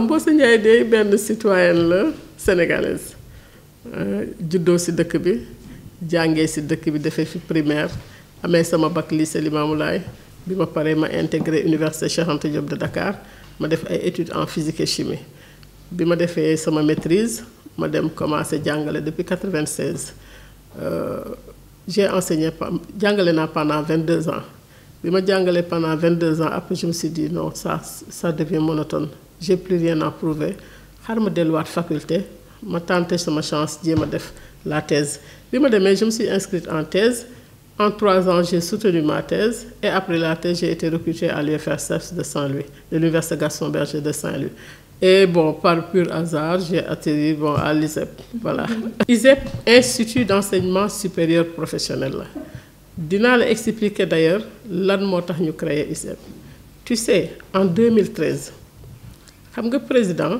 Mbosi Ndiaye de ben citoyenne la sénégalaise euh, juddoo si dëkk bi jàngé ci dëkk bi primaire, fi primaire amé sama bac lycée Limamoulaye bi ma paré ma intégré université de Dakar ma def ay études en physique et chimie bi ma sama maîtrise ma dem à jàngalé depuis 96 euh, j'ai enseigné jàngalé na pendant 22 ans bi ma pendant 22 ans après je me suis dit non ça ça devient monotone j'ai plus rien à prouver de lois de faculté ma tenté ma chance j'ai ma def la thèse je me suis inscrite en thèse en trois ans j'ai soutenu ma thèse et après la thèse j'ai été recrutée à l'UFSF e de Saint-Louis de l'université Gaston Berger de Saint-Louis et bon par pur hasard j'ai atterri bon à l'ISEP voilà ISEP Institut d'enseignement supérieur professionnel Dina vais expliquer d'ailleurs l'année moo nous ñu ISEP tu sais en 2013 xam nga président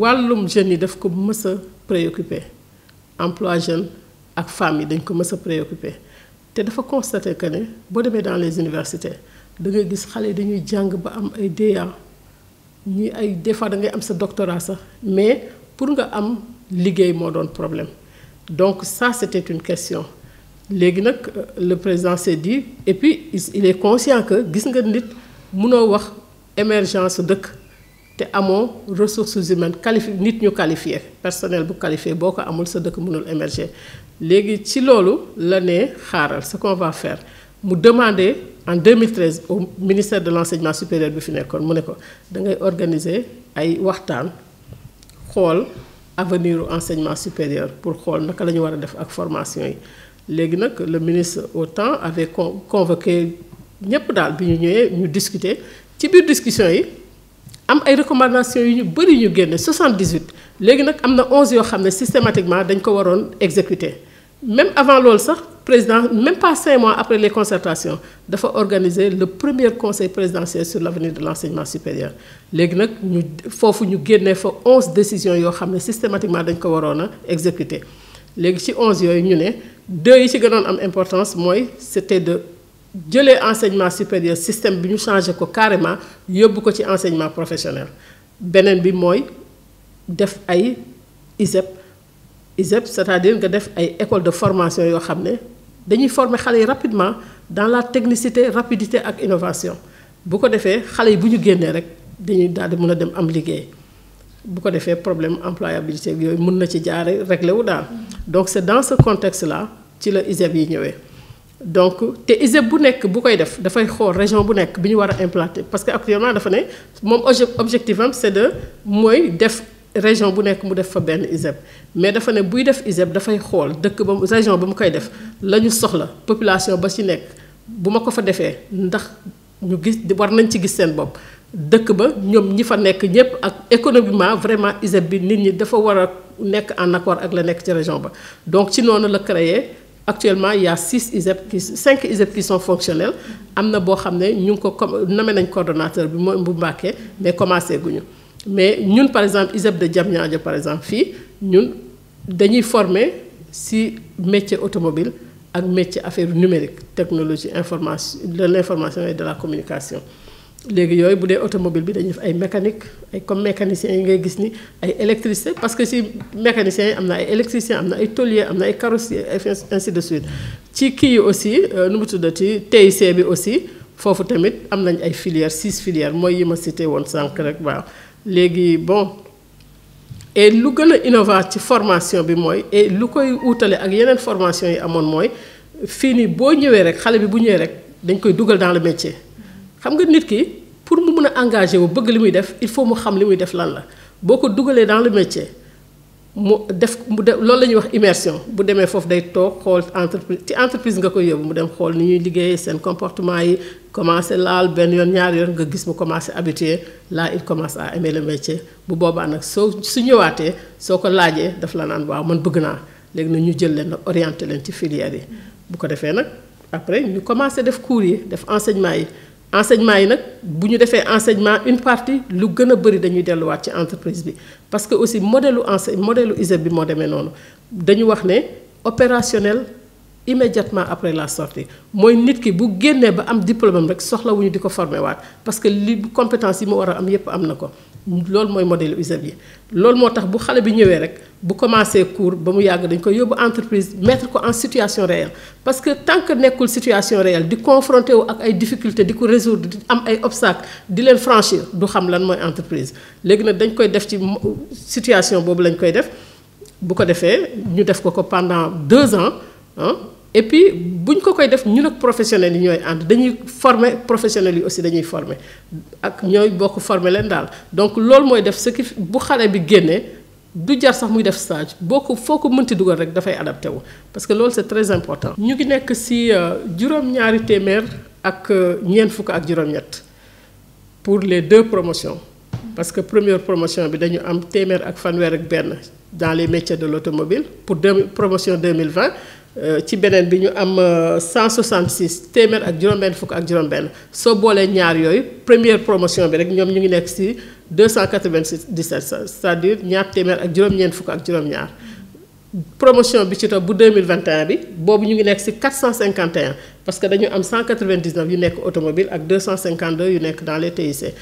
wàllum jeunes yi daf ko mës a préoccupé emploi jeune ak femmes yi dañ ko mës a préoccupé te dafa constaté que ne boo demee dans les universités da ngay gis xale dañuy jàng ba am ay DEA ñuy ay des fois da ngay am sa doctorat sax mais pour nga am liggéey moo doon problème donc ça c'était une question léegi nag euh, le président s'est dit et puis il est conscient que gis nga nit mënoo wax émergence dëkk te amoo ressources humaines qualifi nit ñu qualifié personnel bu qualifié boo ko amul sa dëkk mënul émerger léegi ci loolu la ne xaaral ce qu'on va faire mu demander en 2013 au ministère de l'enseignement supérieur bi fi nekkoon mu ne ko da ngay organiser ay waxtaan xool avenir enseignement supérieur pour xool naka la ñu war a def ak formation yi léegi nag le ministre au avait convoqué ñépp daal bi ñu ñëwee ñu discuter ci biir discussion yi am ay recommandations yu ñu bëri ñu génne 78 léegi nag am 11 yoo xam systématiquement dañ ko même avant loolu sax président même pas 5 mois après les concertations dafa organiser le premier conseil présidentiel sur l'avenir de l'enseignement supérieur léegi faut ñu foofu ñu 11 décisions yoo xam systématiquement dañ ko waroon a exécuter ci 11 yooyu ñu deux yi ci gënoon am importance mooy c'était de jëlee enseignement supérieur système bi ñu changé ko carrément yóbbu ko ci enseignement professionnel benen bi moy def ay ISEP ISEP c'est-à-dire que def ay école de formation yo xamné les dañuy former rapidement dans la technicité rapidité et innovation bu ko defee xalé yi bu ñu génnee rek dañuy daal di a dem am liggéey bu ko problème employabilité ci réglé wu mm-hmm. donc c'est dans ce contexte là ci la ISEP yi donc té ISEP bu nekk bu koy def fay xool région bu nek biñu wara implanter parce que actuellement fa né mom objectif am c'est de moy def région bu nek mu def fa ben ISEP mais fa né buy def ISEP fay xol dëkk ba région ba mu koy def lañu soxla population ba ci nek bu ma ko fa defee ndax ñu gis war nañ ci gis sen bop dëkk ba ñom ñi fa nek ñep ak économiquement vraiment ISEP bi nit ñi da fa wara nek en accord ak la nek ci région ba donc ci nonu la créer actuellement il y a six ISEP qui cinq ISEP qui sont fonctionnels Il y boo xam ne ñu ngi ko nommé nañ coordonnateur bi mooy bu mais commencé guñu mais ñun par exemple ISEP de Diamniadio par exemple nous ñun dañuy former si métier automobile ak métier affaire numérique technologie information de l'information et de la communication léegi yooyu bu dee automobile bi dañuy def ay mécanique ay comme mécaniciens yi ngay gis ni ay électricité parce que ci mécaniciens yi am na ay électriciens am na ay tôliers am na ay carrossiers ainsi de suite ci kii yi aussi euh, nu mu ci TIC bi aussi foofu tamit am nañ ay filières six filières mooy yi ma cité woon sànq rek waaw léegi bon et lu gën a innovant ci formation bi mooy et lu koy uutale ak yeneen formation yi amoon mooy fii nii boo ñëwee rek xale bi bu ñëwee rek dañ koy dugal dans le métier xam nga nit ki pour mu mun a engagé wu bëgg li muy def il faut mu xam li muy def lan la boo ko dugalee dans le métier mu def mu def loolu la ñuy wax immersion bu demee foofu day toog xool entreprise ci entreprise nga ko yóbbu mu dem xool ni ñuy liggéey seen comportement yi commencé laal benn yoon ñaari yoon nga gis mu commencé habitué là il commence à aimer le métier bu boobaa nag soo su ñëwaatee soo ko laajee daf la naan waaw man bëgg naa léegi nag ñu jël leen nag orienté leen ci filière yi bu ko defee nag après ñu commencé def cours yi def enseignement yi enseignement yi nak buñu défé enseignement une partie lu gëna a bëri dañuy wat ci entreprise bi parce que aussi modèle enseignement, modèle ISEP bi mo démé noonu dañu wax ne opérationnel immédiatement après la sortie moy nit ki bu génné ba am diplôme rek soxla wuñu diko former wat parce que li compétence yi mo wara am yépp am nako loolu mooy modèle Elsevier loolu moo tax bu xale bi ñëwee rek bu commencé cours ba mu yàgg dañ koy yóbbu entreprise mettre ko en situation réelle parce que tant que nekkul situation réelle di confronté wu ak ay difficultés di ko résoudre di am ay obstacles di leen franchir du xam lan mooy entreprise léegi nag dañ koy def ci situation boobu lañ koy def bu ko defee ñu def ko ko pendant deux ans ah et puis si ko koy def ñun ak professionnels ñoy and dañuy former professionnels aussi dañuy former ak ñoy bokk former donc lool moy def ce qui bu xalé bi génné du jar sax muy def stage bokk ko foo rek adapté parce que lool c'est très important. ñu ngi nekk ci euh, juroom ñaari témèr ak euh, ñeent fuk ak juroom ñett pour les deux promotions parce que première promotion bi dañu am témèr ak fanwer ak dans les métiers de l'automobile pour la promotion 2020. Euh, ci beneen bi ñu am 166 euh, téeméer ak juróom-benn fukk ak juróom-benn soo ñaar yooyu première promotion bi rek ñoom ñu ngi nekk si 297 c'est-à-dire ñaar téeméer ak juróom-ñeent fuk ak ñaar promotion bi ci topp bu 2021 bi boobu ñu ngi 451 parce que dañu am 199 yu nekk automobile ak 252 yu nekk dans les TIC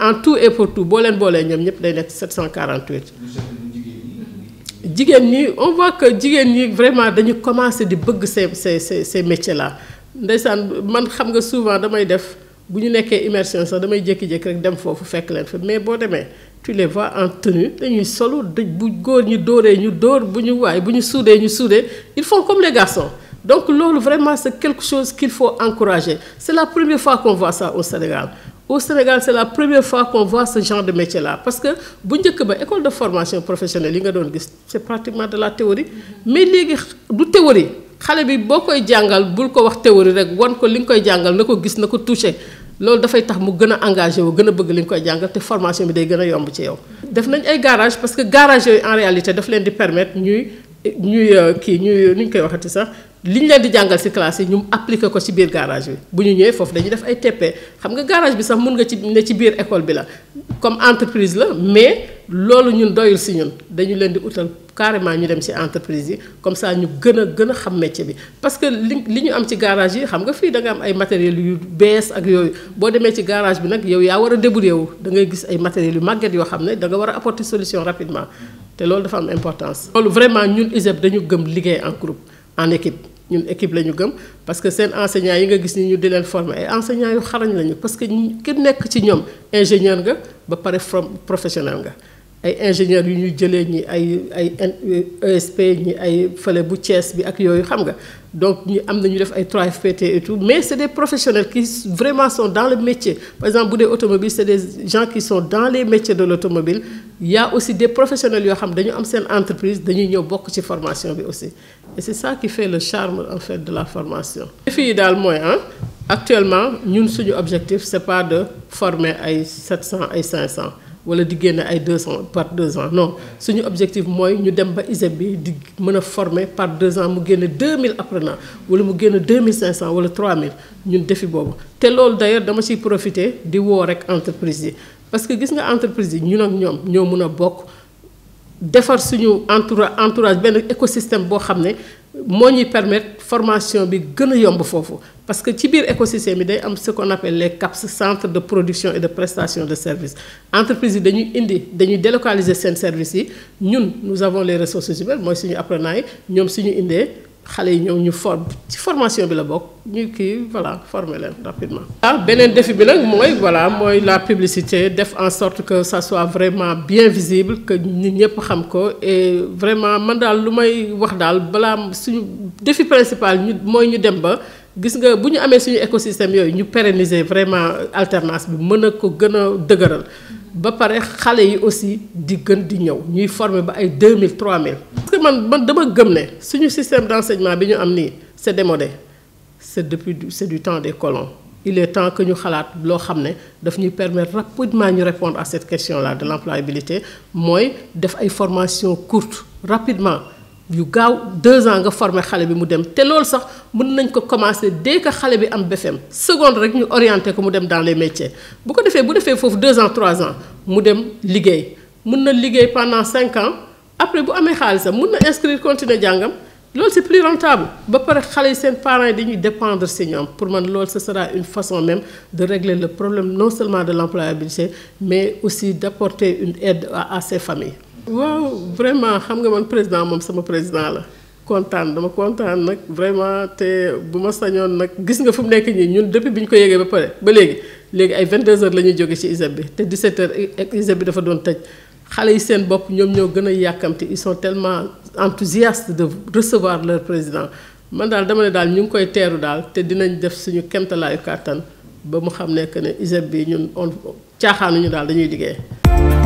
en tout et pour tout nous avons boolee ñoom 748 jigéen ñi on voit que jigéen ñi vraiment dañu commencé di bëgg ces ces ces métiers là ndeysaan man xam nga souvent damay def bu ñu nekkee immersion sax damay jékki-jékki rek dem foofu fekk leen fa mais boo demee tu les vois en tenue dañuy solo dëj bu góor ñu dóoree ñu dóor bu ñu waay bu ñu suudee ñu suudee ils font comme les garçons donc loolu vraiment c'est quelque chose qu'il faut encourager c'est la première fois qu'on voit ça au Sénégal au Sénégal c'est la première fois qu'on voit ce genre de métier là parce que de formation professionnelle c'est pratiquement de la théorie mais du théorie bi jàngal ko wax théorie rek ko li koy jàngal touché tax mu bëgg li koy jàngal formation bi day yomb ci yow. def nañ ay garage parce que garage en réalité daf leen di permettre euh, li ñu leen di jàngal ci classe yi ñu appliqué ko ci biir garage bi bu ñu ñëwee foofu dañuy def ay teppee xam nga garage bi sax mun nga ci ne ci biir école bi la comme entreprise la mais loolu ñun doylu si ñun dañu leen di utal carrément ñu dem ci entreprise yi comme ça ñu gën a gën a xam métier bi parce que li li ñu am ci garage yi xam nga fii da am ay matériels yu bees ak yooyu boo demee ci garage bi nag yow yaa war a débrouiller wu dangay gis ay matériels yu màgget yoo xam ne da war a apporter solution rapidement te loolu dafa am importance. loolu vraiment ñun ISEP dañu gëm liggéey en groupe ñun équipe lañu gëm parce que seen enseignants yi nga gis ni ñu di leen ay enseignants yu xarañ lañu parce que qui nekk ci ñoom ingénieur nga ba pare from professionnel nga ay ingénieur yu ñu jëlee ñi ay ay ESP euh, e ñi ay fële bu Thiès bi ak yooyu xam nga donc ñu am nañu def ay 3FPT et tout mais c'est des professionnels qui vraiment sont dans le métier par exemple bu dee automobile c'est des gens qui sont dans les métiers de l'automobile automobile il y a aussi des professionnels qui ont une am entreprise qui ont une ci formation aussi et c'est ça qui fait le charme en fait de la formation. défi yi le hein, actuellement notre suñu objectif n'est pas de former 700 ay 500 ou di gagner 200 par 2 ans non notre objectif c'est de former par 2 ans mu 2000 apprenants ou mu gagner 2500 wala 3000 nous défi boobu te d'ailleurs dama profite profiter di woo entreprise parce que gis nga entreprise entreprises, ñun ak ñom ñoo mëna bok défar suñu entoura entourage écosystème bo xamné permettre formation bi gëna yomb fofu parce que ci biir écosystème bi day am ce qu'on appelle les CAPS centre de production et de prestation de services entreprise dañuy indi dañuy délocaliser ces services yi ñun nous avons les ressources humaines moy suñu apprenants ñom suñu indé xale yi ñëw ñu for ci formation bi la bokk ñu kii voilà former leen rapidement. ah beneen défi bi nag mooy voilà mooy la publicité def en sorte que ça soit vraiment bien visible que nit ñëpp xam ko et vraiment man daal lu may wax daal balaa suñu défi principal ñu mooy ñu dem ba. gis nga bu ñu amee suñu écosystème yooyu ñu pérenniser vraiment alternance bi mën a ko gën a dëgëral ba pare xale yi aussi di gën di ñëw ñuy formé ba ay 2000 3000 parce que man dama gëm suñu système d'enseignement bi ñu am c'est démodé c'est depuis c'est du temps des colons il est temps que ñu xalaat loo xam ne daf ñuy permettre rapidement ñu répondre à cette question là de l'employabilité mooy def ay formation courte rapidement yu gaaw deux ans nga formé xale bi mu dem te loolu sax mën nañ ko commencer dès que xale bi am BFM. seconde rek ñu orienté ko mu dem dans les métiers bu ko defee bu defee foofu deux ans trois ans mu dem liggéey mën na liggéey pendant cinq ans après bu amee xaalisam mën na inscrire continuer jàngam loolu c'est plus rentable ba pare xale yi seen parents yi dañuy dépendre ci ñoom pour man loolu ce sera une façon même de régler le problème non seulement de l'employabilité mais aussi d'apporter une aide à, à ces familles waaw vraiment xam nga man président moom sama président la kontaan dama kontaan nag vraiment te bu ma sañoon gis nga fu mu nekk ñun depuis biñ ko ba ay 22h la ñuy ci bi 17 dafa doon yi seen ñoo a ils sont tellement enthousiastes de recevoir leur président man daal dama ne daal ñu koy teeru daal te dinañ def suñu kemtalaayu kàttan ba mu xam ne que ne ñun on ñu daal dañuy